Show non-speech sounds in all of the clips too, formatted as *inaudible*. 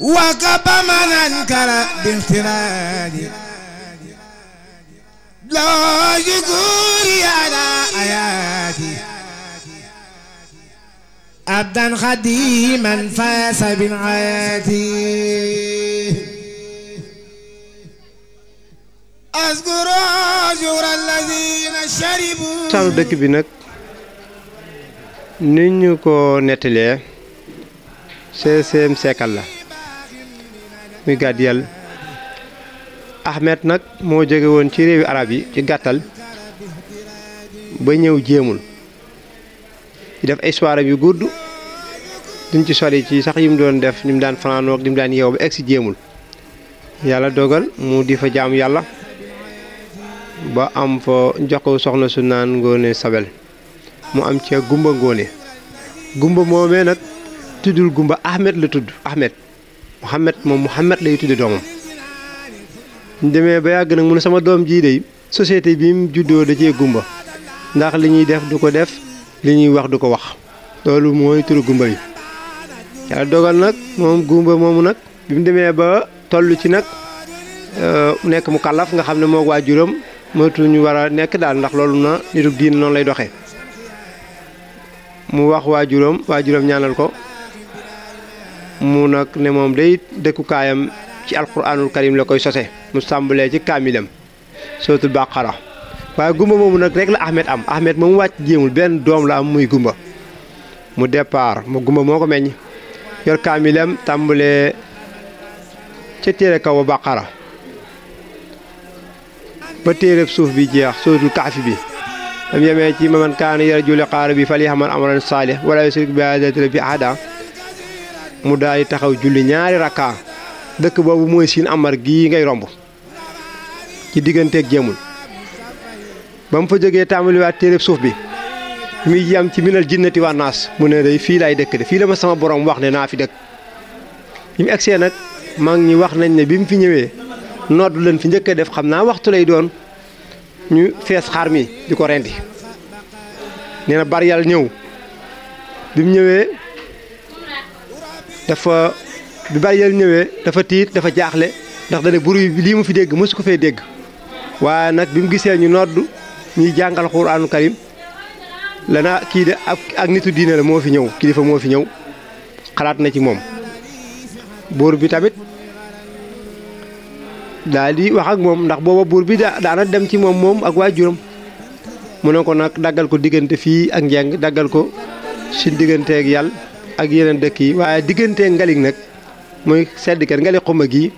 وكب من أنكر بانفراد لا يقول على آياتي أبدا خديما فاس بالعياتي أذكر أجر الذين شربوا taal dëkk bi nag ni ñu ko nettalee 16e siècle la muy Gaadiel Ahmed nag moo jóge woon ci réewi arab yi ci gàttal ba ñëw jéemul di def ay soirée yu gudd duñ ci sole ci sax yi mu doon def ni mu daan fanaanoo ak mu daan yeew ba egg si jéemul yàlla dogal mu di fa jaamu yàlla ba am fa jox ko soxna su naan Ngoone Sabel mu am ci gumba Ngoone gumba moomee nag tuddul gumba Ahmed la tudd Ahmed Mouhamed moom Mouhamed lay tudde doomam ñu demee ba yàgg nag mu ne sama doom jii de société bii mu juddoo da cee gumba ndax li ñuy def du ko def li ñuy wax du ko wax loolu mooy turu gumba yi yàlla dogal nag moom gumba moomu nag bi mu demee ba tollu ci nag euh, nekk mu kàllaf nga xam ne moo waajuram moytuñu war a nekk daal ndax loolu na nitu diin noonu lay doxe mu wax waa waajuram waajuram ñaanal ko mu nag ne moom day dëkkukaayam ci alquranul karim la koy sose mu sàmbalee ci kaamilam sootul baqara waaye gumba moomu nag rek la Ahmed am Ahmed moomu wàcc jéemul benn doom la am muy gumba mu départ mu gumba moo ko meñ yor kaamilam tàmbalee ca téere kaw ba baqara ba téere suuf bi jeex sootul kaafi bi am yemee ci man kaana yarju liqaa rabbihi falyamal amalan saalihan wala yushrik bi ibaadati rabbihi ahadan mu daal di taxaw julli ñaari rakka dëkk boobu mooy siin amar gii ngay romb ci digganteeg jéemul ba mu fa jógee tàmbaliwaat téere suuf bi muy yam ci minal jinnati waa mu ne day fii laay dëkk de fii la ma sama borom wax ne naa fi dëkk bi mu egsee nag mag ñi wax nañ ne bi mu fi ñëwee noddu leen fi njëkk a def xam naa waxtu lay doon ñu fees xar mi di ko rendi nee na bar ñëw bi mu ñëwee dafa bi bàyyi yàlla ñëwee dafa tiit dafa jaaxle ndax dane buru lii mu fi dégg mësu ko fee dégg waaye nag bi mu gisee ñu nodd ñuy jàngal xuraanu karim lana kii de ak ak nitu diine la moo fi ñëw kilifa moo fi ñëw xalaat na ci moom buur bi tamit daal di wax ak moom ndax booba buur bi daana dem ci moom moom ak waa waajuram mu ne ko nag daggal ko diggante fii ak njàng daggal ko ci digganteeg yàlla ak yeneen dëkk yi waaye diggante ngalig nag mooy sedd kat ngali xuma gi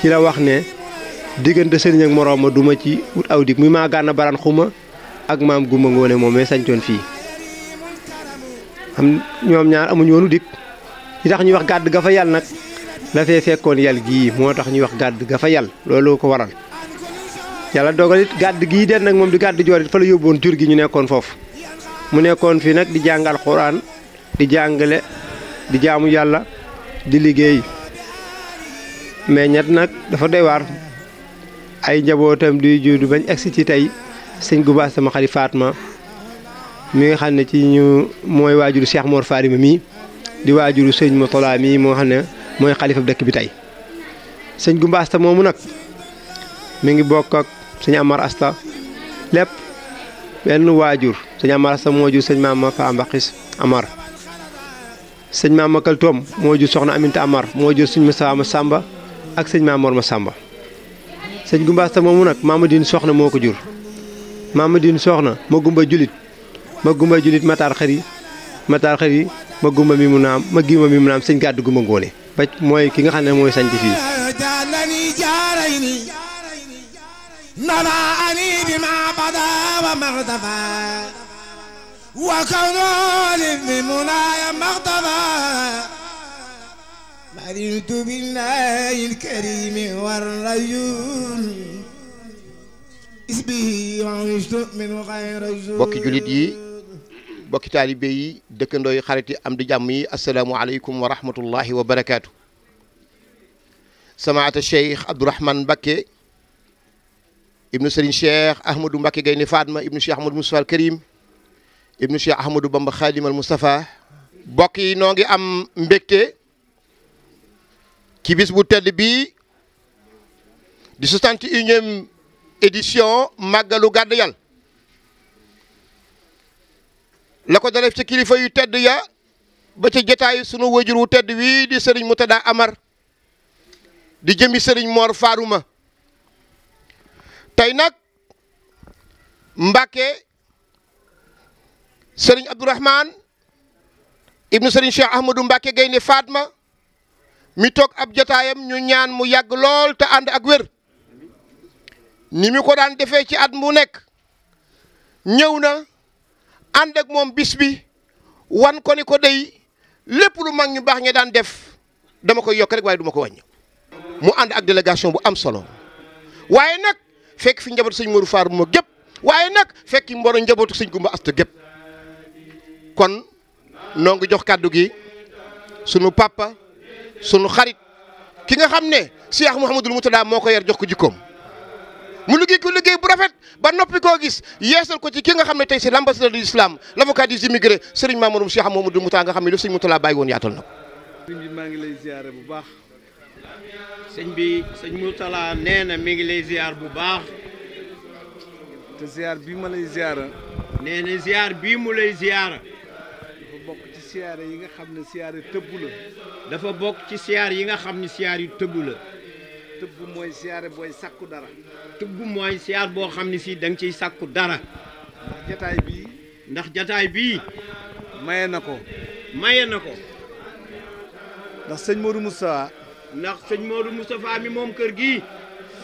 ci la wax ne diggante sëriñ ak moroom ma duma ci wut aw dig muy maa baraan xuma ak maam gumba ngoone moom mee sañcoon fii xam ñoom ñaar amuñu woonu dig li tax ñuy wax gàdd ga fa yàll nag la fee fekkoon yàll gii moo tax ñuy wax gàdd ga fa yàll loolu ko waral yàlla dogal gàdd gii den nag moom di gàdd joor it fa la yóbboon jur gi ñu nekkoon foofu mu nekkoon fii nag di jàngal xuraan di jàngale di jaamu yàlla di liggéey meññat nag dafa doy waar ay njabootam di juddu bañ egsi ci tey sëñ Goubass sama xarit Fatma mi nga xam ne ci mooy waajuru Cheikh Mor Farima mii di waajuru sëñ Motola mii moo xam ne mooy xalifa dëkk bi tey sëñ Goubass moomu nag mi ngi bokk ak sëñ Amar Asta lépp benn waajur sëñ Amar Asta moo jur sëñ Maama Fa Mbakis Amar sëñ Maam Kaltoom moo jur soxna Aminta Amar moo jur sëñ Moustapha ma Samba ak sëñ Maam Mor ma Samba sëñ Gumbaasta moomu nag Mamadine soxna moo ko jur Mamadine soxna ma gumba julit ma gumba julit mataar xëri mataar xëri ma gumba mi mu naam ma gima mi mu naam sëñ gàddu gumba ngoone ba mooy ki nga xam ne mooy sañ ci fii وكون لمنايا مغتبا مرنت بالله الكريم والرجول bokki jullit yi bokki taalibe yi dëkkandoo yi xarit yi am di jàmm yi asalaamualeykum wa rahmatullahi wa barakaatu. samaata cheikh Abdourahman Mbakke ibnu Serigne cheikh Ahmadou Mbakke Gaynde Fatma ibnu cheikh Ahmadou Moustapha al Karim ibnu Cheikh Ahmadou Bamba Xaadimal Moustapha mbokk yi noo ngi am mbégte ci bis bu tedd bii di soixante et unième édition màggalu gàdd yàlla la ko dalef ci kilifa yu tedd ya ba ci jotaayu sunu wajur wu tedd wii di sëriñ Moutada Amar di jëmi sëriñ Mor Faaruma tey nag Mbàkke sëriñ Abdourahman ibnu sëriñ Cheikh Ahmadou Mbacke Gaynde faatma mi toog ab jotaayam ñu ñaan mu yàgg lool te ànd ak wér ni mu ko daan defee ci at mu nekk ñëw na ànd ak moom bis wan ko ni ko dey lépp lu mag ñu baax ña daan def dama koy yokk rek waaye duma ko wàññi mu ànd ak délégation bu am solo waaye nag fekk fi njabootu sëñ Modou Faar moo gépp waaye nag fekk mboro njabootu sëñ Gumba Asta gépp kon noo jox kàddu gi sunu papa sunu xarit ki nga xam ne Cheikh Mouhamadul Moutada moo ko yar jox ko jikkoom mu liggéey ku liggéey bu rafet ba noppi koo gis yeesal ko ci ki nga xam ne tey si la c'est l'ambassadeur de l'islam l'avocat des immigrés Serigne Mamadou Cheikh Mouhamadul Moutada nga xam ne lu Serigne Moutada bàyyi woon yaatal na ko. sëñ maa ngi lay ziare bu baax bi sëñ Moutada nee na mi ngi lay ziar bu baax. te bii ma lay ziara. nee bii mu lay ziara. yi nga xam ne siyaare tëbbu dafa bokk ci siyaar yi nga xam ne siyaar yu tëbbu la tëbbu mooy siyaare sàkku dara tëbbu mooy siyaar boo xam ne si da ciy sàkku dara ndax jataay ndax jataay bii maye na ko maye na ko sëñ Modou Moustapha ndax sëñ Modou Moustapha mi moom kër gi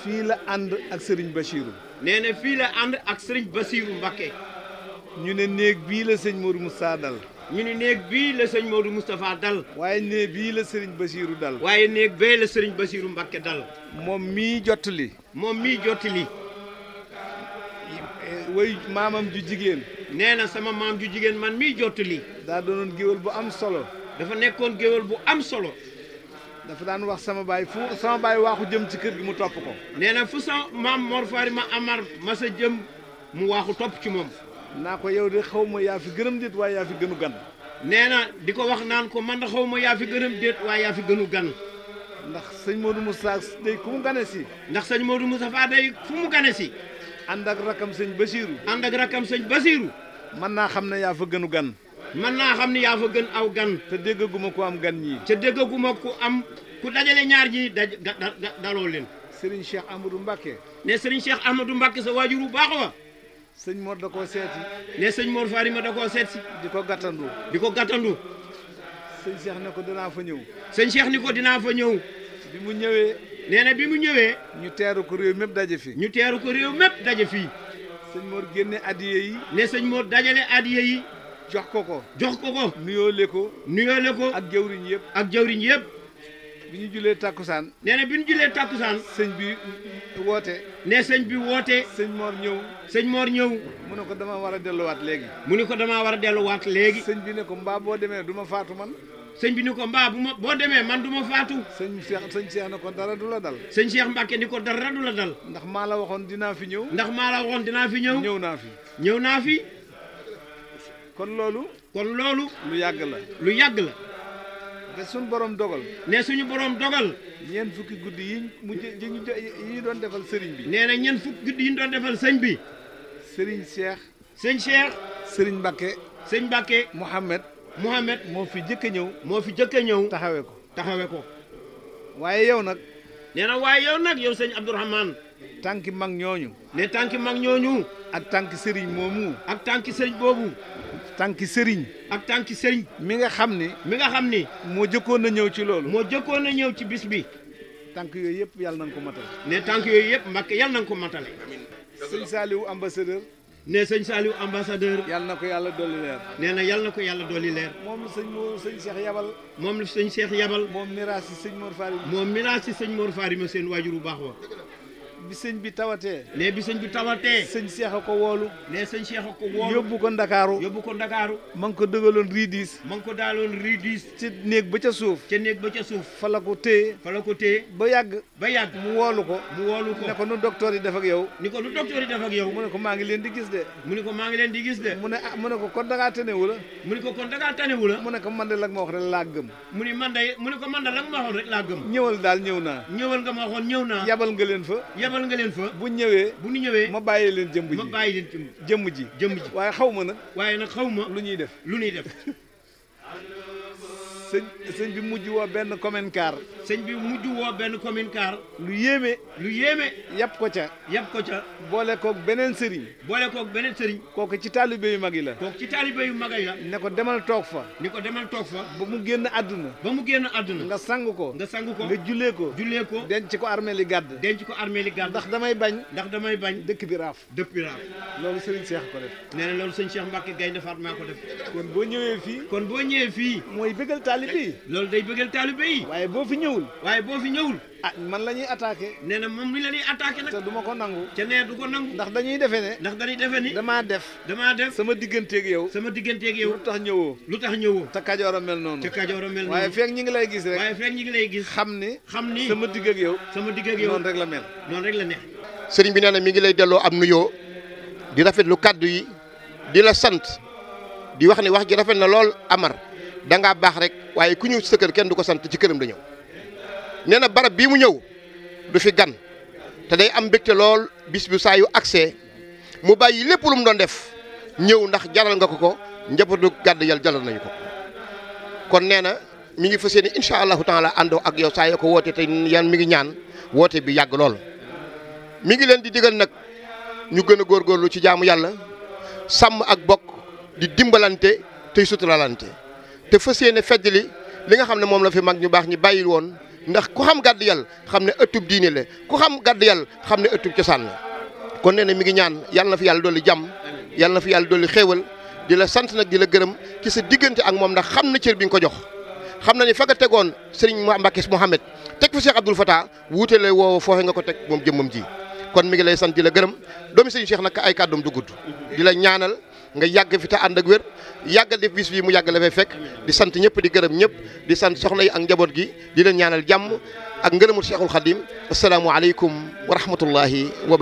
fii la ànd ak sëriñ Bachirou nee na fii la ànd ak sëriñ Bachirou Mbacké ñu ne néeg bii la sëñ Modou Moustapha dal ñu ni néeg bii la sëñ Modou Moustapha dal waaye néeg bii la sëriñ Basiiru dal waaye néeg bee la sëriñ Basiiru Mbakke dal moom mii jottali moom mii jottali way maamam ju jigéen nee na sama maam jigéen man mii jottali daa doonoon géwél bu am solo dafa nekkoon géwél bu am solo dafa daan wax sama baay fu sama waaxu jëm ci kër gi mu topp ko nee na fu sa Mor Faari ma Amar ma sa jëm mu waaxu topp ci moom naa ko yow de xaw ma yaa fi gënam déet waaye yaa fi gënu gan nee na di ko wax naan ko man da xaw ma yaa fi gënam déet waaye yaa fi gënu gan ndax sëñ Modou Moussa day ku mu gane ndax sëñ Modou Moustapha day fu mu gane si ànd ak rakam sëñ Basiiru ànd ak rakam sëñ Basiiru man naa xam ne yaa fa gënu gan man naa xam ne yaa fa gën aw gan te déggaguma ku am gan ñii te déggaguma ku am ku dajale ñaar ji daj daloo leen Serigne Cheikh Amadou Mbacke ne Serigne Cheikh Amadou Mbacke sa waajuru baax wa sëñ Mor da koo seeti. ne sëñ Mor Farima da koo seet si. di ko gàttandu. di ko gàttandu. sëñ Cheikh ne ko dinaa fa ñëw. sëñ Cheikh ni ko dinaa fa ñëw. bi mu ñëwee. nee bi mu ñëwee. ñu teeru ko réew mépp daje fii. ñu teeru ko réew mépp daje fii. sëñ Mor génne adiye yi. ne sëñ Mor dajale adiye yi. jox ko ko. jox ko ko. nuyoole ko. nuyoole ko. ak jëwriñ yëpp. ak jëwriñ yëpp. bi ñu julee tàkkusaan nee na bi ñu julee tàkkusaan sëñ bi woote ne sëñ bi woote sëñ moor ñëw sëñ moor ñëw mu ne ko damaa war a delluwaat léegi mu ne ko damaa war a delluwaat léegi sëñ bi ne ko mbaa boo demee du ma faatu man sëñ bi ni ko mbaa bu ma boo demee man du ma faatu sëñ Cheikh sëñ Cheikh ne ko dara du la dal sëñ Cheikh Mbacke ni ko dara du la dal ndax maa la waxoon dinaa fi ñëw ndax maa la waxoon dinaa fi ñëw ñëw naa fi ñëw naa fi kon loolu kon loolu lu yàgg la lu yàgg la ba suñu borom dogal. ne suñu borom dogal. ñeent fukki guddi yi mu yi ñu doon defal sëriñ bi. nee na ñeent fukki guddi yi ñu doon defal sëñ bi. sëriñ Cheikh. sëñ Cheikh. sëriñ Mbakke. sëñ Mbakke. Mouhamed. Mouhamed moo fi jëkk a ñëw. moo fi jëkk a ñëw. taxawe ko taxawe ko. waaye yow nag. nee na waaye yow nag yow sëñ Abdourahmane. tànki mag ñooñu. ne tànki mag ñooñu. ak tànki sëriñ moomu. ak tànki sëriñ boobu. ak tànki sëriñ ak tànki sëriñ mi nga xam ni mi nga xam ni moo jëkkoon na ñëw ci loolu moo jëkkoon a ñëw ci bis bi tànk yooyu yëpp yàlla na nga ko matal ne tànk yooyu yëpp Mbàkke yàlla na ko matale sëñ Saliou ambassadeur ne sëñ Saliou ambassadeur yàlla na ko yàlla dolli leer nee na yàlla na ko yàlla dolli leer moom sëñ mo sëñ Cheikh yabal moom sëñ Cheikh yabal moom miraas si sëñ Mor Fari moom miraas si sëñ Mor Fari ma seen waajur wu baax wa bi sëñ bi tawatee ne bi sëñ bi tawatee sëñ Cheikh a ko woolu ne sëñ Cheikh ko woolu yóbbu ko ndakaaru yóbbu ko ndakaaru ma ngi ko dëgaloon riidis ma ngi ko daaloon riidis ca néeg ba ca suuf ca néeg ba ca suuf fa la ko téye fa la ko ba yàgg ba yàgg mu woolu ko mu woolu ko ne ko nu docteur yi def ak yow ni ko nu docteur yi mu ne ko maa ngi leen di gis de mu ne ko maa ngi leen di gis de mu ne ah ko kon da ngaa tanewu ko kon da ngaa tanewu la mu ne ko man de la ma wax rek laa gëm mu ne man de mu ne ko man la ma waxoon rek ñëwal daal ñëw naa ñëwal nga ma waxoon ñëw naa yabal nga leen fa defal nga leen fa bu ñëwee bu ñu ñëwee ma bàyyee leen jëmb ji ma bàyyi leen jëmb ji jëmb ji waaye xaw ma nag waaye nag xaw ma lu ñuy def lu ñuy def *laughs* sëñ sëñ bi mujj woo benn commen car sëñ bi mujj woo benn commune car lu yéeme lu yéeme yàpp ko ca yàpp ko ca boole koog beneen sëriñ boole koog beneen sëriñ kooku ci taalibe yu mag yi la kooku ci taalibe yu mag yi la ne ko demal toog fa ni ko demal toog fa ba mu génn àdduna ba mu génn àdduna nga sang ko nga sang ko nga jullee ko jullee ko denc ko armée li gàdd denc ko armee li gàdd ndax damay bañ ndax damay bañ dëkk bi raaf dëkk bi raaf loolu sëriñ Cheikh ko def nee na loolu sëñ Cheikh Mbacke defaat maa ko def kon boo ñëwee fii kon boo ñëwee fii mooy bëggal taalibe loolu day bëggal taalibe yi waaye ñëwul. waaye boo fi ñëwul. ah man la ñuy attaqué. nee na moom mi la ñuy attaqué nag. te du ma ko nangu. te nee du ko nangu. ndax dañuy defe ne. ndax dañuy defe ni. damaa def. damaa def sama digganteeg yow. sama digganteeg yow. lu tax ñëwoo. lu tax ñëwoo. te kajoor a mel noonu. te kajoor a mel noonu. waaye feeg ñi ngi lay gis rek. waaye feeg ñi ngi lay gis. xam ni. xam ni sama digg ak yow. sama digg ak yow noonu rek la mel. noonu rek la neex. sëriñ bi nee na mi ngi lay delloo am nuyoo di rafetlu kàddu yi di la sant di wax ni wax ji rafet na lool Amar da ngaa baax rek waaye ku ñëw sa kër kenn du ko sant ci këram la ñëw nee na barab bii mu ñëw du fi gan te day am mbégte lool bis bu saa yu agsee mu bàyyi lépp lu mu doon def ñëw ndax jaral nga ko ko njabootu gàdd yàlla jaral nañu ko kon nee na mi ngi fas yéene incha allahu taala àndoo ak yow saa yoo ko woote te yan mi ngi ñaan woote bi yàgg lool. mi ngi leen di digal nag ñu gën góor góorgóorlu ci jaamu yàlla sàmm ak bokk di dimbalante tey suturalante te fas yéene li li nga xam ne moom la fi mag ñu baax ñi bàyyil woon. ndax ku xam gàdd yàlla xam ne ëttub diine la ku xam gàdd yàlla xam ne ëttub cosaan la kon nee na mi ngi ñaan yàlla na fi yàlla dolli jàmm yàlla na fi yàlla dolli xéewal di la sant nag di la gërëm ci sa diggante ak moom ndax xam na cër bi nga ko jox xam na ni fa nga tegoon sëriñ Mbàkke Mohamed teg fa Cheikh Abdoul Fatah wuute la woowa foofe nga ko teg moom jëmmam ji kon mi ngi lay sant di la gërëm doomi sëriñ Cheikh nag ay kàddoom du gudd di la ñaanal nga yàgg fi te ànd ak wér yàggal def bis bii mu yàgg la fekk di sant ñëpp di gërëm ñëpp di sant soxna yi ak njaboot gi di leen ñaanal jàmm ak ngërëmul Cheikhul Khadim asalaamu aleykum wa rahmatullahi wa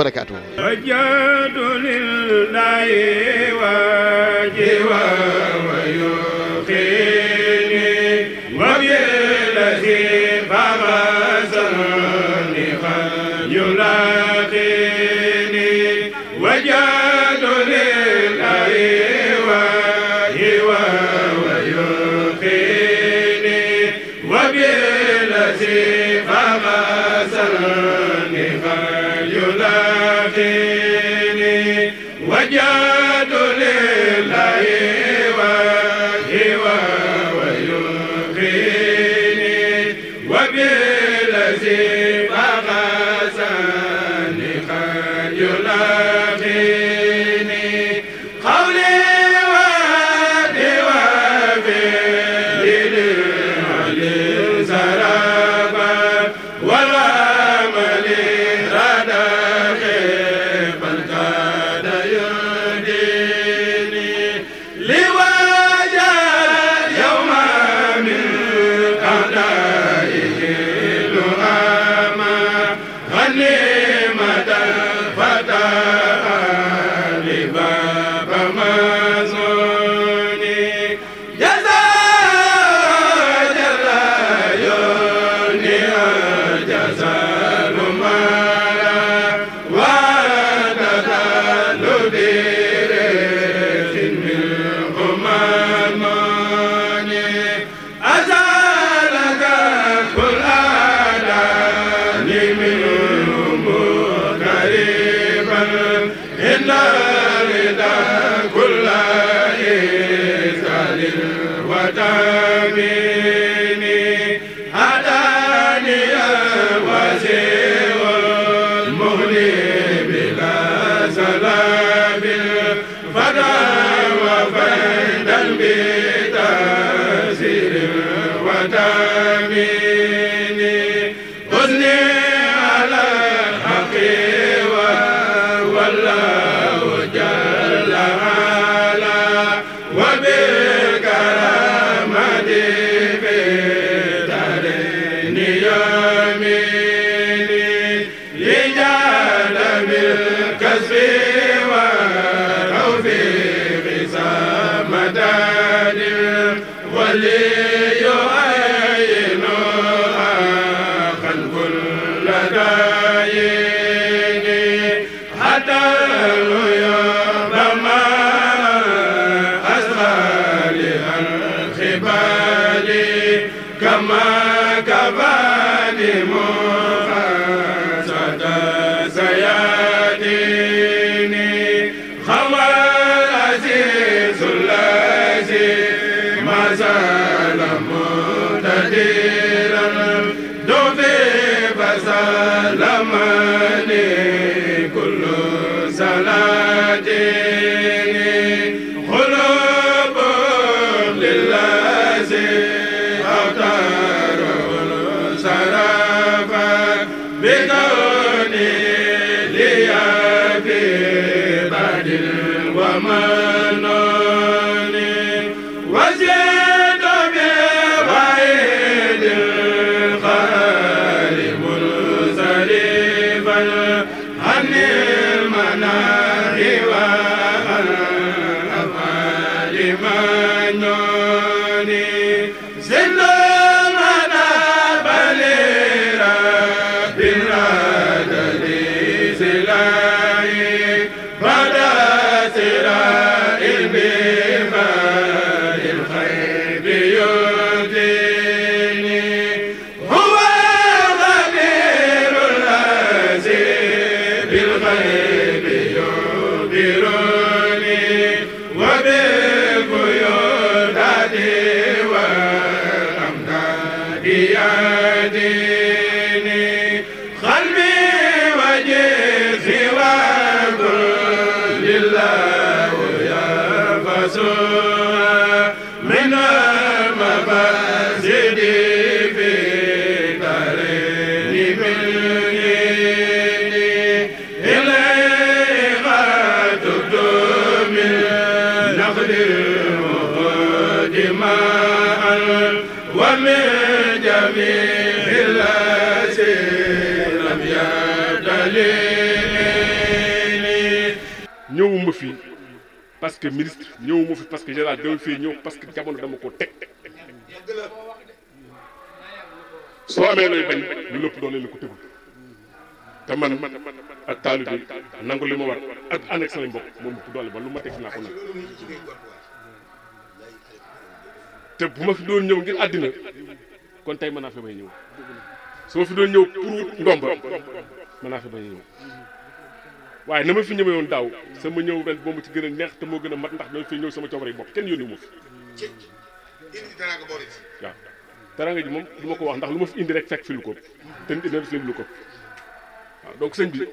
كما كفاني fii parce que ministre ñëwuma fi parce que général dama fii ñëw parce que jamono dama ko teg soo amee looy bañ lu lépp doon la ko tëgul te man ak taalibe bi nangu li ma war ak ànd mbokk moom doole ba lu ma teg naa ko nag te bu ma fi doon ñëw ngir àddina kon tey mën naa fi may ma fi doon waaye na ma fi ñëwee woon daaw sama ñëw ren boobu ci gën a neex te moo gën a mat ndax dama fi ñëw sama coobare bopp kenn yónni wu ma fi waaw teraanga ji moom du ko wax ndax lu ma fi indi rek fekk fi lu ko te nit dina ko donc sëñ bi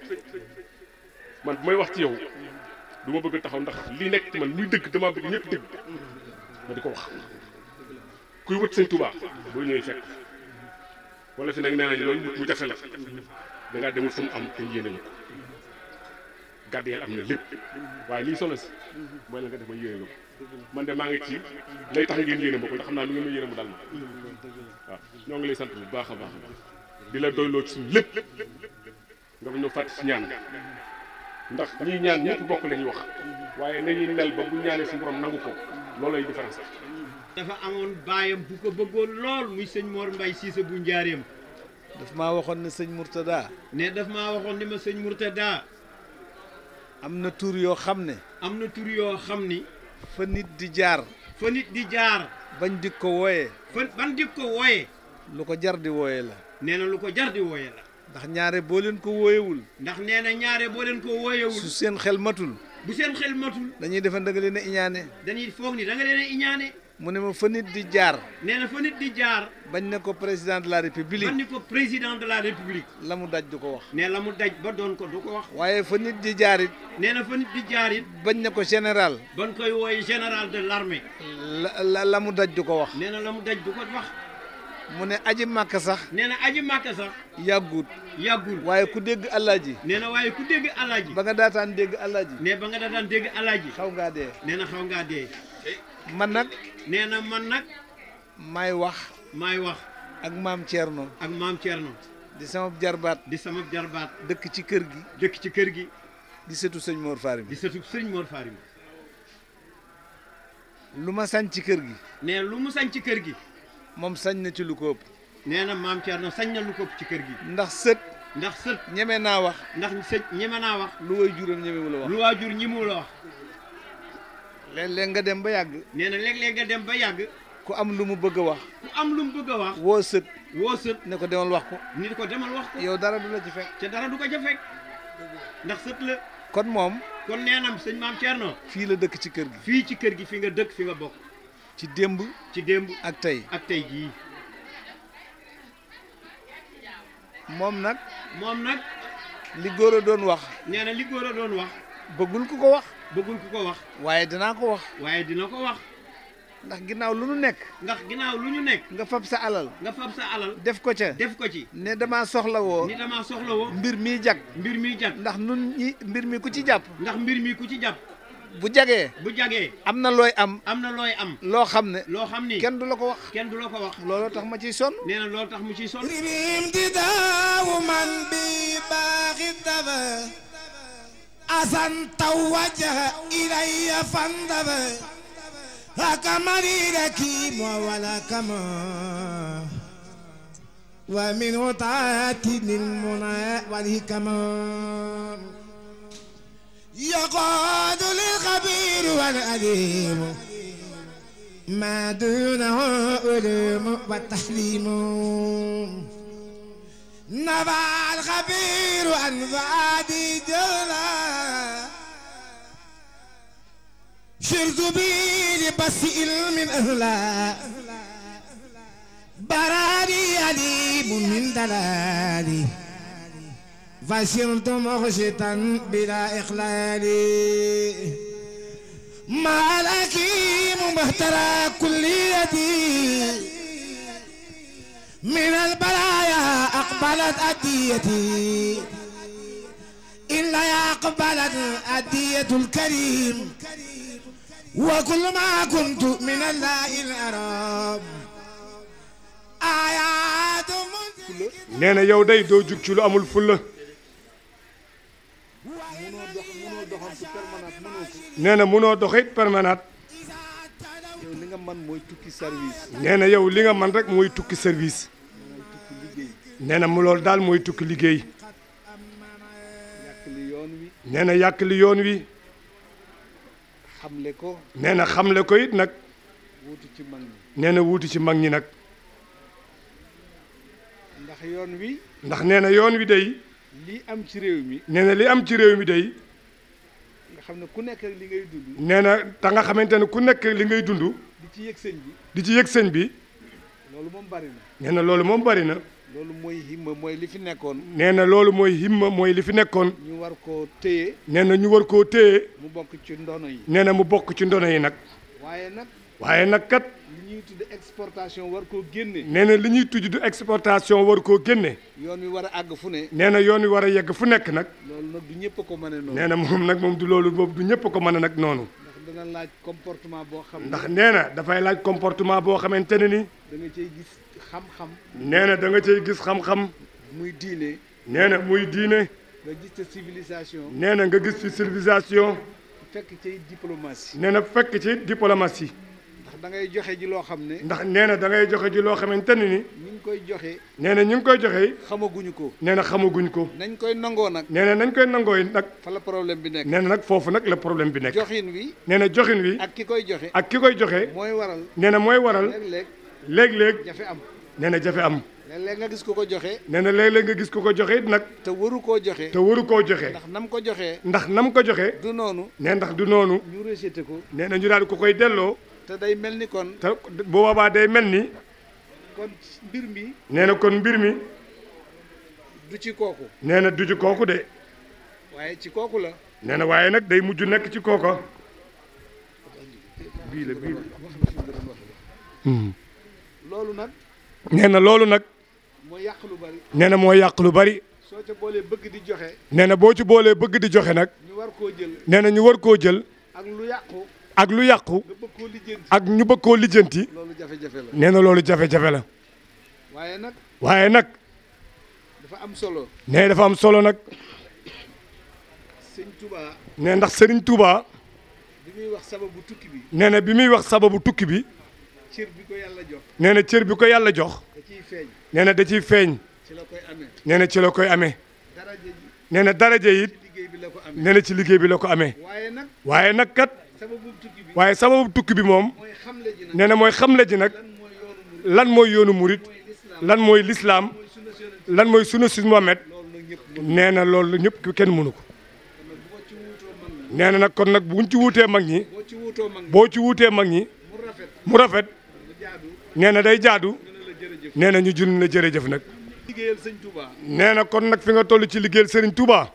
man bu may wax ci yow du ma bëgg taxaw ndax li nekk ci man muy dëgg damaa bëgg ñëpp dëgg ma di ko wax kuy wët sëñ Tuubaa boo ñëwee fekk wala fi nag nee nañ loolu mu jafe la dangaa demul fu am te yéene ñu ko Gabriel am na lépp waaye lii solo si mooy la nga def ma yéene la man de maa ngi ci lay tax ngeen yéene ma ko xam naa lu ngeen ma yéene mu dal ma waaw ñoo ngi lay sant bu baax a baax di la doyloo ci suñu lépp nga ñu fàtt si ñaan ndax ñii ñaan ñëpp bokk la ñuy wax waaye nañuy mel ba bu ñaanee suñu borom nangu ko loolay différence dafa amoon baayam bu ko bëggoon lool muy sëñ Mor Mbaye Cissé bu njaareem daf maa waxoon ne sëñ Mourtada ne daf maa waxoon ni am na tur yoo xam ne am na tur yoo xam ni fa nit di jaar fa nit di jaar bañ dik ko wooyee fa ban dik ko wooyee lu ko jar di wooyee la nee na lu ko jar di wooyee la ndax ñaare boo leen ko wooyewul ndax nee na ñaare boo leen ko wooyewul su seen xel matul bu seen xel matul dañuy defan da nga leen a iñaane dañuy foog ni da leen a iñaane mu ne ma fa nit di jaar. nee na fa nit bañ ne ko président de la république. bañ ne ko président de la république. la mu daj du ko wax. nee la mu daj ba doon ko du ko wax. waaye fa nit di jaar nee na fa nit jaar it. bañ ne ko général. bañ koy woy général de l'armée. la la la mu daj du ko wax. nee la mu daj du ko wax. mu ne aji màkk sax. nee na aji màkk sax. yàggut. yàggul waaye ku dégg ji nee na waaye ku dégg alaaji. ba nga daataan dégg ji nee ba nga daataan dégg ji xaw ngaa dee. nee na xaw ngaa man nag. nee na man nag. maay wax. maay wax. ak maam Thierno. ak maam Thierno. di sama jarbaat. di sama jarbaat. dëkk ci kër gi. dëkk ci kër gi. di sëtu sëñ Mor Farim. di sëtu sëñ Mor Farim. lu ma sañ ci kër gi. nee lu mu sañ ci kër gi. moom sañ na ci lu ko ëpp. nee na maam Thierno sañ na lu ko ci kër gi. ndax sët. ndax sët ñeme naa wax. ndax sët ñeme naa wax. lu way juram ñeme wu la wax. ñi mu la wax. léeg-léeg nga dem ba yàgg. nee na léeg-léeg nga dem ba yàgg. ku am lu mu bëgg a wax. ku am lu mu bëgg a wax. woo sët. woo sët ne ko demal wax ko. nit ko demal wax ko. yow dara du la ci fekk. ca dara du ko ca fekk. ndax sët la. kon moom. kon nee na sëñ maam Thierno. fii la dëkk ci kër gi. fii ci kër gi fi nga dëkk fi nga bokk. ci démb. ci démb ak tey ak tey jii. moom nag. moom nag. li góor doon wax. nee na li góor a doon wax. bëggul ku ko wax. bëggul ku ko wax. waaye dinaa ko wax. waaye dina ko wax. ndax ginnaaw lu ñu nekk. ndax ginnaaw lu ñu nekk. nga fab sa alal. nga fab sa alal. def ko ca. def ko ci. ne damaa soxla woo. ne damaa soxla woo. mbir mi jag. mbir mi jag. ndax nun mbir mi ku ci jàpp. ndax mbir mi ku ci jàpp. bu jagee. bu jagee. am na looy am. am na looy am. loo xam ne. loo xam ni kenn du la ko wax. kenn du la ko wax. lool tax ma ciy son nee na looloo tax mu ciy sonn. أذن توجه إلي فاندب ركما لي ركيم ولكما ومنه تأتي للمنى والهكما يقاد للخبير والأديم ما دونه علوم والتحليم نبع الخبير عن فادي جلا شرد بي لبس علم أهلا براني عليم من دلالي فسرت مغشطا بلا إخلال ما الأكيم مهترى كليتي من البلايا أقبلت أديتي إلا يا أقبلت أدية الكريم وكل ما كنت من الله الأرام آيات nee na yow day doo jug ci lu amul fulla nee na mënoo doxit permanent mooy tukki service. nee na yow li nga man rek mooy tukki service. nee na mu loolu daal mooy tukki liggéey. nee na yàq li yoon wi. xamle ko. nee na xamle ko it nag. ci mag ñi. ci mag ñi nag. ndax yoon wi. ndax nee na yoon wi day. li am ci réew mi. nee na li am ci réew mi dey nga xam ne ku nekk li ngay dund. nee na nga xamante ne ku nekk li ngay dund. ci yëg sëñ bi. di ci yëg sëñ bi. loolu moom bari na. nee na loolu moom bari na. loolu mooy himma mooy li fi nekkoon. nee na loolu mooy himma mooy li fi nekkoon. ñu koo téye. nee na ñu war koo téye. mu bokk ci ndono yi. nee na mu bokk ci ndono yi nag. waaye nag. waaye nag kat. li exportation war koo génne. nee na li ñuy tudd du exportation war koo génne. yoon wi war a àgg fu ne. nee na yoon wi war a yegg fu nekk nag. loolu nag du ñëpp a ko mën a noonu. nee na moom nag moom du loolu boobu du ñëpp ko mën a nag noonu. dana laaj comportement boo xam ndax nee na dafay laaj comportement boo xamante ne ni. da nga cay gis xam-xam. nee na da nga cay gis xam-xam. muy diine. nee na muy diine. nga gis ci civilisation. nee na nga gis ci civilisation. fekk ci diplomatie. nee na fekk ci diplomatie. ndax da ngay joxe ji loo xam ne ndax nee na da joxe ji loo xamante ne ni ñu koy joxe nee na ñu ngi koy joxe xamaguñu ko nee xamaguñ ko nañ koy nangoo nag nee na koy nangoo nag fa la bi nekk nee nag foofu nag la problème bi nekk joxin wi nee na joxin wi ak ki koy joxe ak ki koy joxe mooy waral nee na mooy waral léeg-léeg léeg jafe am nee na jafe am léeg nga gis ku ko joxe. nee na léeg-léeg gis ku ko joxe nag. te waru koo joxe. waru koo joxe. ndax nam ko joxee. ndax nam ko joxee. du noonu. nee ndax du noonu. ñu rejeté ko. nee na ñu daal ko koy delloo. te day mel ni kon. te bu boobaa day mel ni. kon mbir mi. nee kon mbir mi. du ci kooku. nee du ci kooku de. waaye ci kooku la. nee waaye nag day mujj nekk ci kooka. bii loolu nag. nee loolu nag. moo yàq lu bari. nee na moo yàq lu bari. soo ca boolee bëgg di joxe. nee na boo ci boolee bëgg di joxe nag. ñu war koo jël. nee ñu war koo jël. ak lu yàqu. ak lu yàqu ak ñu bëgg koo lijjanti nee na loolu jafe-jafe la waaye nag waaye nag dafa am solo nee dafa am solo nag sëñ Touba nee ndax sëriñ Touba bi muy wax sababu tukki bi nee muy wax sababu tukki bi cër bi ko yàlla jox nee na cër bi ko yàlla jox da ciy feeñ nee da ciy feeñ ci la koy amee nee ci la koy amee daraja ji nee na daraja it nee na ci liggéey bi la ko amee waaye nag kat waaye sababu tukki bi moom nee na mooy xamle ji nag lan mooy yoonu murit lan mooy lislaam lan mooy sunu si Muhammad nee na loolu ñëpp kenn mënu ko nee na nag kon nag buñ ci wuutee mag ñi boo ci wuutee mag ñi mu rafet nee na day jaadu nee na ñu jun la jërëjëf nag nee na kon nag fi nga toll ci liggéeyal sëriñ Touba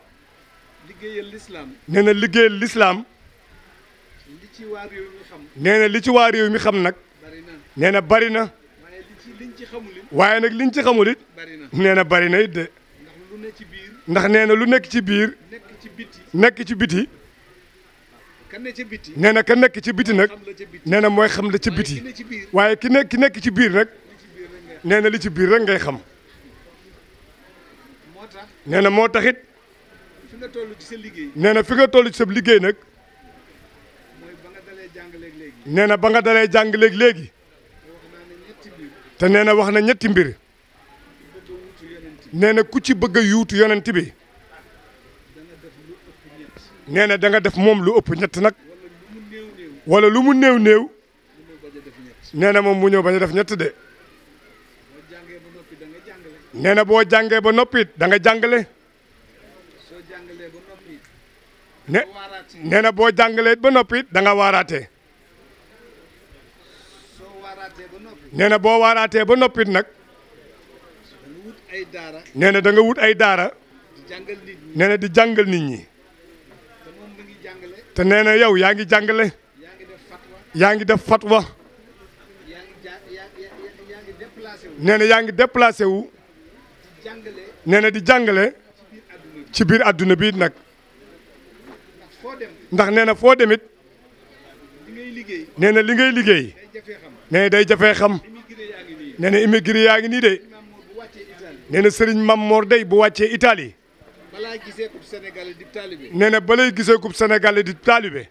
nee na liggéeyal lislaam nee li ci waa réew mi xam nag nee na bari na waaye nag liñ ci xamul it nee na bari na de ndax nee na lu nekk ci biir nekk ci biti nee na ka nekk ci biti nag nee na mooy xam la ci biti waaye ki nekk nekk ci biir nag nee na li ci biir rek ngay xam nee moo taxit nee na fi nga toll ci sab liggéey nag. nee ba nga dalee jàng léegi léegi te nee wax na ñetti mbir nee na ku ci bëgg a yuutu yonent bi nee danga def moom lu ëpp ñett nag wala lu mu néew néew nee na moom mu ñëw bañ def ñett de nee na boo jàngee ba noppi danga nga jàngale ne nee na boo jàngalee ba noppi danga nga nee na boo waaraatee ba noppit nag nee na da wut ay daara nee di jàngal nit ñi te nee na yow yaa ngi jàngale yaa ngi def fatwa nee na yaa ngi déplacé wu nee di jàngale ci biir àdduna bi nag ndax nee na foo demit nee na li liggéey nee day jafee xam nee na yaa ngi nii de nee na Serigne Mame day bu wàccee Italie nee na balay gisee kub Sénégal di taalibe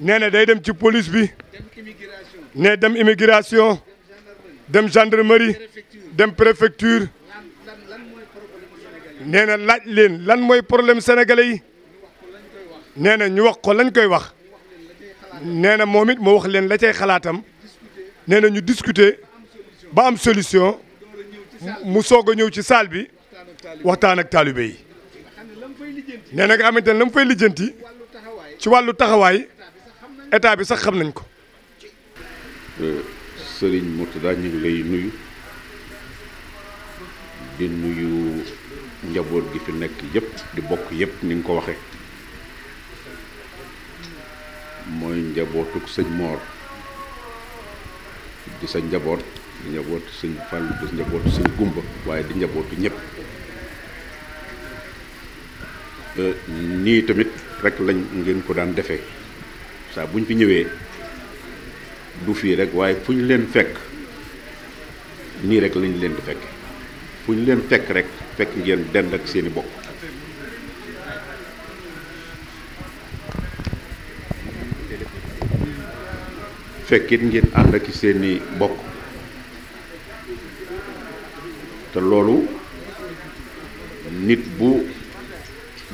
nee na day dem ci police bi nee dem immigration dem gendarmerie dem préfecture nee na laaj leen lan mooy problème sénégalais yi nee ñu wax ko lañ koy wax. nee na moom it moo wax leen la cay xalaatam nee na ñu discuter ba am solution mu soog a ñëw ci salle bi waxtaan ak taalibe yi nee nga xamante ne la mu fay lijjanti ci wàllu taxawaay état bi sax xam nañ ko. Euh, sëriñ Mourtada ñu ngi lay nuyu di nuyu njaboot gi fi nekk yëpp di bokk yëpp ni nga ko waxee. mooy njabootuk sëñ moor di sa njaboot di njabootu sëñ fàllu di njabootu sëñ gumba waaye di njabootu ñëpp euh, nii tamit rek lañ ngeen ko daan defee saa buñ fi ñëwee du fii rek waaye fu ñu leen fekk nii rekk lañ leen di fekk fu ñu leen fekk rek fekk ngeen dend ak seeni bokk fekkit ngeen ànd ak seeni bokk te loolu nit bu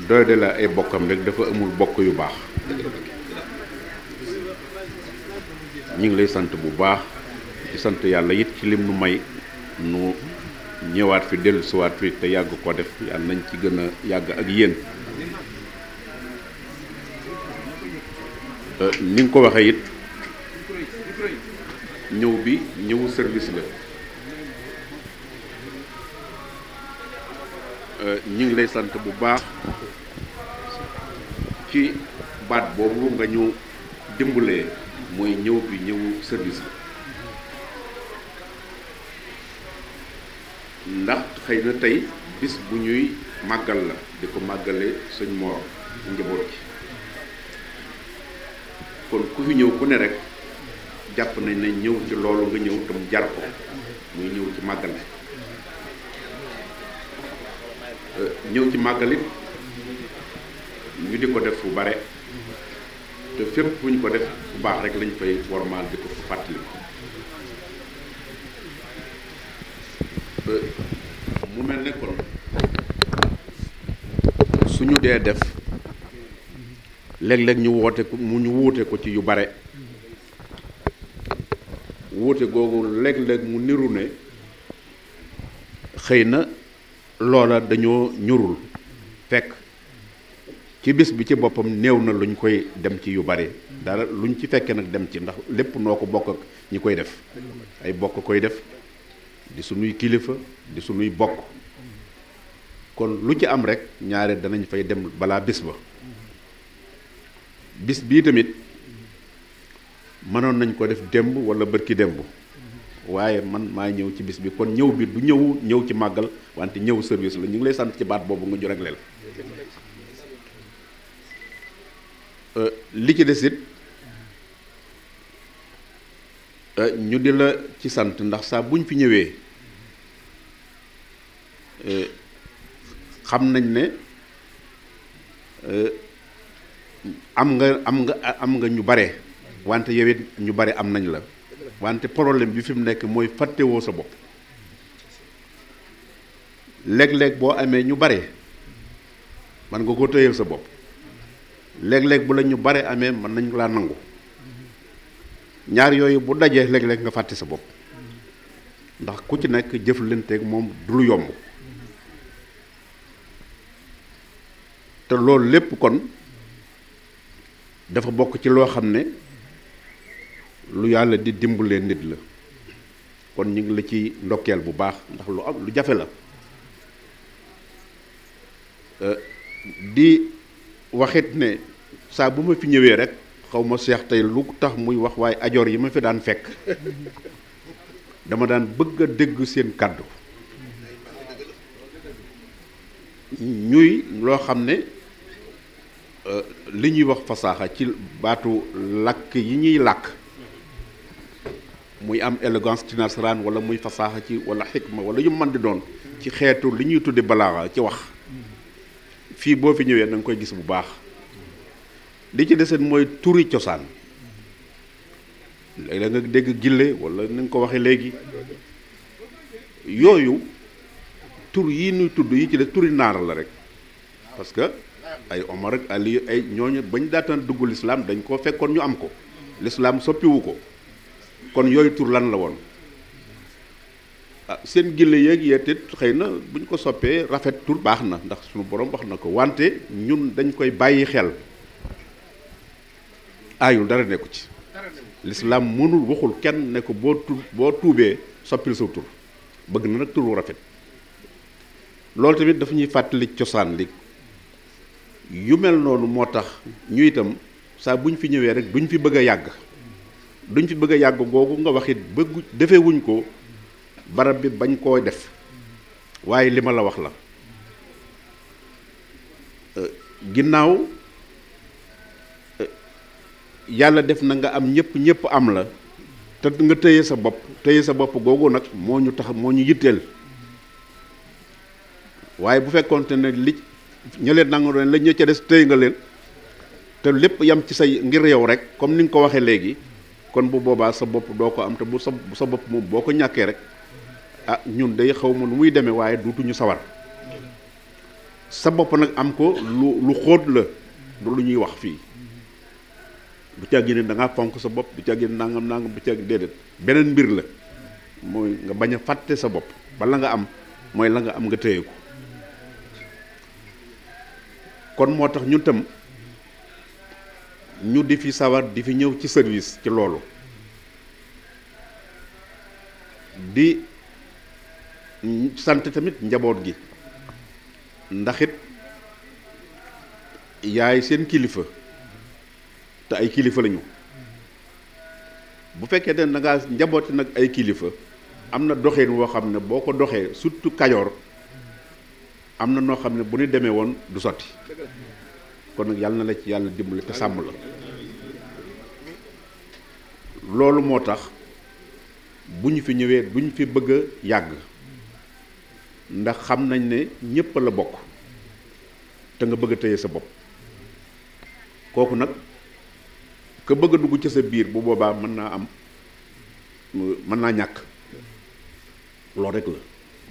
doy de ay bokkam rek dafa amul bokk yu baax ñu ngi lay sant bu baax di sant yàlla yit ci lim nu may nu ñëwaat fi dell siwaat fi te yàgg ko def yàlla nañ ci gën a yàgg ak yéen ni nga ko waxee it ñëw bi ñëwu service la euh, ñu ngi lay sant bu baax ci baat boobu nga ñu dimbalee mooy ñëw bi ñëwu service la ndax xëy na tey bis bu ñuy màggal la di ko màggale suñ moor njaboot ji kon ku fi ñëw ku ne rek jàpp nañ ne ñëw ci loolu nga ñëw tam jar ko muy ñëw ci màggal euh, ñëw ci màggal it ñu di ko def fu bare te fépp fu ko def bu baax rek lañ fay formal di ko fàttali ko euh, mu mel ne kon suñu dee def léeg-léeg ñu woote ko mu ñu wuute ko ci yu bare wuute googu léeg-léeg mu niru ne xëy na loola dañoo ñurul fekk ci bis bi ci boppam néew na luñ koy dem ci yu bari dara luñ ci fekkee nag dem ci ndax lépp noo ko bokk ak ñi koy def ay bokk koy def di sunuy kilifa di sunuy bokk kon lu ci am rek ñaare danañ fay dem balaa bis ba bis bii tamit mënoon nañ ko def démb wala bërki démb waaye man maa ñëw ci bis bi kon ñëw bi du ñëw ñëw ci màggal wante ñëw service la ñu ngi lay sant ci baat boobu nga ñu réglé la euh, li ci des it euh, ñu di la ci sant ndax saa buñ fi ñëwee euh, xam nañ ne am nga am nga am nga ñu bare wante yow it ñu bari am nañ la wante problème bi fi mu nekk mooy fàttewoo sa bopp léeg-léeg boo amee ñu bare man nga koo tëyal sa bopp léeg-léeg bu la ñu bare amee mën nañ laa nangu ñaar yooyu bu dajee léeg-léeg nga fàtte sa bopp ndax ku ci nekk jëflanteeg moom du yomb te loolu lépp kon dafa bokk ci loo xam ne lu yàlla di leen nit la kon ñu ngi la ci ndokkeel bu baax ndax lu am lu jafe la euh, di waxit ne saa bu ma fi ñëwee rek xaw ma seex tey lu tax muy wax waaye ajoor yi ma fi daan fekk dama daan bëgg a dégg seen kàddu ñuy loo xam ne euh, li ñuy wax fasaaxa ci baatu làkk yi ñuy làkk muy am élégance ci nasaraan wala muy fasaaxa ci wala xikma wala yu man di doon ci xeetu li ñuy tuddi balaaxa ci wax fii boo fi ñëwee nanga koy gis bu baax li ci deseen mooy turi cosaan léegi da dégg gille wala ni nga ko waxee léegi yooyu tur yi nuy tudd yi ci des turi naar la rek parce que ay Omar ak Ali ay ñooñu bañ daataan dugg lislaam dañ koo fekkoon ñu am ko lislaam soppiwu ko kon yooyu tur lan la woon ah seen gille yeeg yeetit xëy na bu ñu ko soppee rafet tur baax na ndax suñu boroom wax na ko wante ñun dañ koy bàyyi xel aayul dara nekku ci lislaam mënul waxul kenn ne ko boo tuubee soppil sa tur bëgg na nag turu rafet loolu tamit dafa ñuy fàttali cosaan li yu mel noonu moo tax ñu itam saa bu ñu fi ñëwee rek ñu fi bëgg a yàgg duñ fi bëgg a yàgg googu nga wax it bëggu defewuñ ko barab bi bañ koo def waaye li ma la wax la euh, ginnaaw euh, yàlla def na nga am ñëpp ñëpp am la te nga téye sa bopp téye sa bopp googu nag moo ñu tax moo ñu yitteel waaye bu fekkoonte ne li ñu leen nangu leen la ñu ca des tëy nga leen te lépp yam ci say ngir yow rek comme ni nga ko waxee léegi kon bu boobaa sa bopp doo ko am te bu sa sa bopp moom boo ko ñàkkee rek ah ñun day xaw ma nu muy demee waaye duutuñu sawar sa bopp nag am ko lu lu xóot la du lu ñuy wax fii bu càgg ne da ngaa fonk sa bopp du càgg ne nangam nangam du càgg déedéet beneen mbir la mooy nga bañ a fàtte sa bopp bala nga am mooy la nga am nga téye ko kon moo tax ñun tam. ñu di fi sawar di fi ñëw ci service ci loolu di sant tamit njaboot gi ndaxit yaay seen kilifa te ay kilifa lañu bu fekkee ne da ngaa njabooti nag ay kilifa am na doxeen woo xam ne boo ko doxee surtout Kajoor am na noo xam ne bu ñu demee woon du sotti kon nag yàlla na la ci yàlla dimbali te sàmm la loolu moo tax bu ñu fi ñëwee du fi bëgg a yàgg ndax xam nañ ne ñépp la bokk te nga bëgg a téye sa bopp kooku nag ka bëgg dugg ci sa biir bu boobaa mën naa am mën naa ñàkk loolu rek la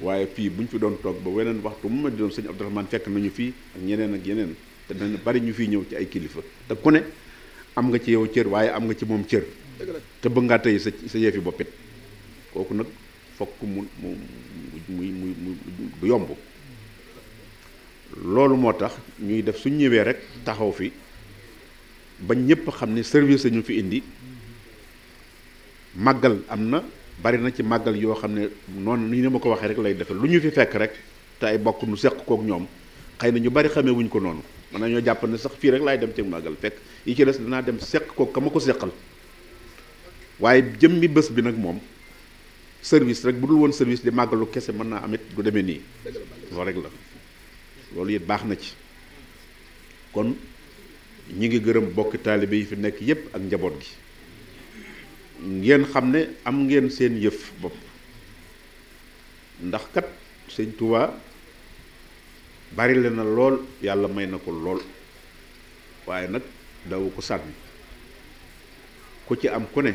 waaye fii bu ñu fi doon toog ba weneen waxtu mu ma di doon sëñ Abdourahmane fekk nañu fii ak ñeneen ak yeneen te dana bari ñu fiy ñëw ci ay kilifa te ku ne am nga ci yow cër waaye am nga ci moom cër te bëgg ngaa tey sa sa yëfi boppit kooku nag fokk mu mu muy muy mu yomb loolu moo tax ñuy def suñ ñëwee rek taxaw fi ba ñëpp xam ne service la ñu fi indi màggal am na bari na ci màggal yoo xam ne noonu ni ne ma ko waxee rek lay defe lu ñu fi fekk rek te ay bokk nu seq kook ñoom xëy na ñu bari xamee wuñ ko noonu mën nañoo jàpp ne sax fii rek laay dem ci màggal fekk yi ci des danaa dem seq ko ka ma ko seqal waaye jëmmi bés bi nag moom service rek bu dul woon service di màggalu kese mën naa amit du demee nii loolu rek la loolu it baax na ci kon ñi ngi gërëm bokki taalibe yi fi nekk yépp ak njaboot gi ngeen xam ne am ngeen seen yëf bopp ndax kat sëñ tubaa bari le na lool yàlla may na ko lool waaye nag daw ko sànni ku ci am ku ne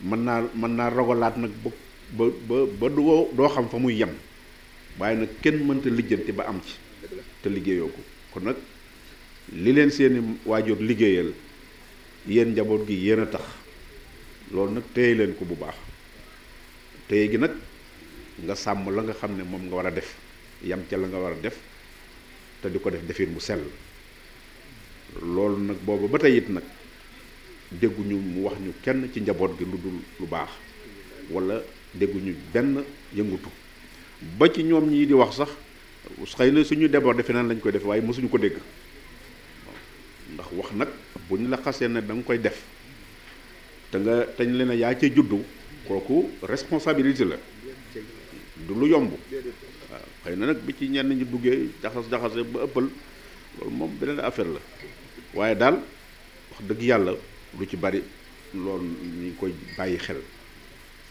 mën naa mën naa rogalaat nag ba ba ba ba doo xam fa muy yem waaye nag kenn mënta lijjanti ba am ci te liggéeyoo ko kon nag li leen seeni waajur liggéeyal yéen njaboot gi yéen a tax loolu nag téye leen ko bu baax téye gi nag nga sàmm la nga xam ne moom nga war a def yam ca la nga war a def te di ko def defin bu sell loolu nag boobu ba tey it nag dégguñu mu wax ñu kenn ci njaboot gi lu dul lu baax wala dégguñu benn yëngutu ba ci ñoom ñii di wax sax xëy na suñu deboor defe naan lañ koy def waaye mësuñu ko dégg ndax wax nag buñ la xasee ne danga koy def te nga teñ leen a yaa cee juddu kooku responsabilité la du lu yomb xëy na nag bi ci ñenn ñi buggee jaxas jaxase ba ëppal loolu moom beneen affaire la waaye daal wax dëgg yàlla lu ci bari loolu ñu ngi koy bàyyi xel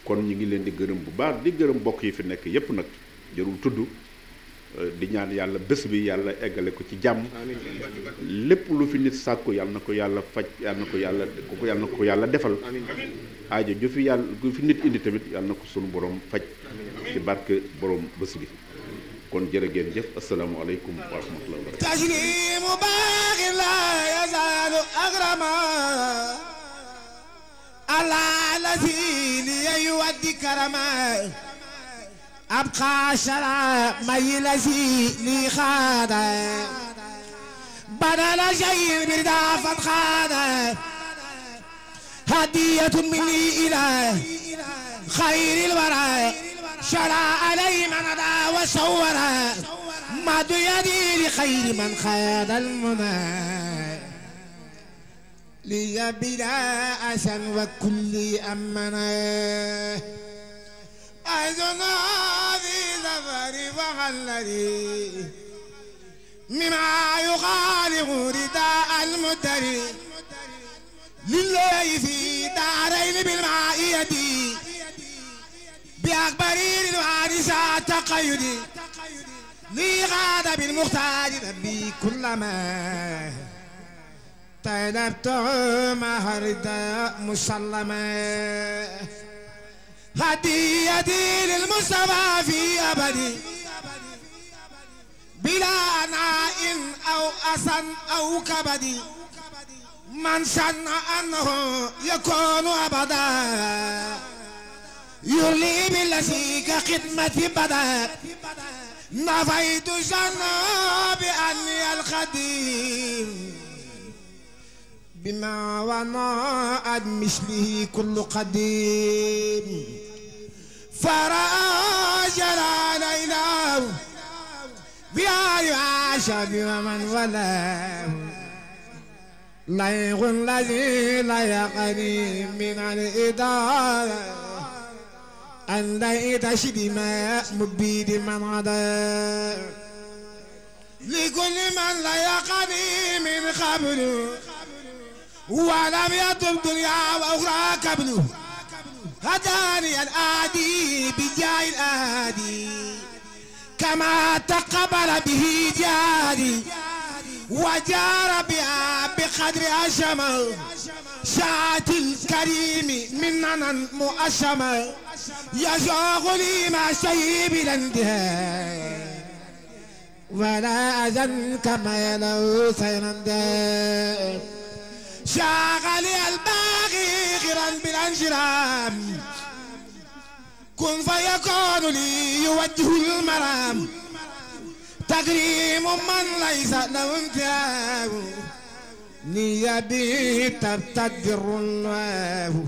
kon ñu ngi leen di gërëm bu baax di gërëm mbokk yi fi nekk yépp nag jërul tudd euh, di ñaan yàlla bés bi yàlla eggale ko ci jàmm lépp lu fi nit sàkku yàlla na ko yàlla faj yàlla na ko yàlla ko yàlla na ko yàlla defal ajo ju fi yàlla ku fi nit indi tamit yàlla na ko sunu boroom faj ci barke borom bés bi kon jërë ngeen jëf asalaamualeykum wa rahmatulah wa taslimu baaxi la yazaalu agrama ala lazini yuwaddi karama أبقى شرع ميلزي لي خادة بدل شيء بردا فتخادة هدية مني إلى خير الورى شرع علي من دعا وصورا مد يدي لخير من خاد المنى لي بلا أسا وكل أمنا أذنا في ظفري وغلري مما يخالف رداء المدري لله في دارين بالمعية الأكبر للحادثة تقيدي لي غاد بالمختار ربي كلما طلبته مهردا مسلما هديتي للمصطفى في أبدي بلا ناء أو أسن أو كبدي من سن أنه يكون أبدا يرلي بالذي كخدمة بدات نفيت شنا بأني القديم بما وناء مثله كل قديم فرأى جلال إله بأي عاش بمن ولاه ليغ الذي لا يقني من الإدارة أن لا تشد ما مبيد من عدا لكل من لا يقني من قبل ولم يطلب دنيا وأخرى قبله هداني الآدي بجاه الآدي كما تقبل به جادي وجار بها بقدر الشمل شاعت الكريم مننا مؤشما يزوغ لي ما شيء بلا انتهاء ولا أذن كما يلو سيننداء شاغ لي الباغي غيرا بالانجرام كن فيكون لي يوجه المرام تكريم من ليس له انتهاء نيادي ترتدر الله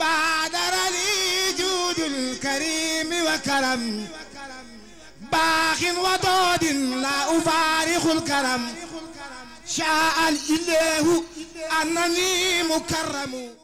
بادر لي جود الكريم وكرم باخ ودود لا أفارق الكرم شاء الإله أنني مكرم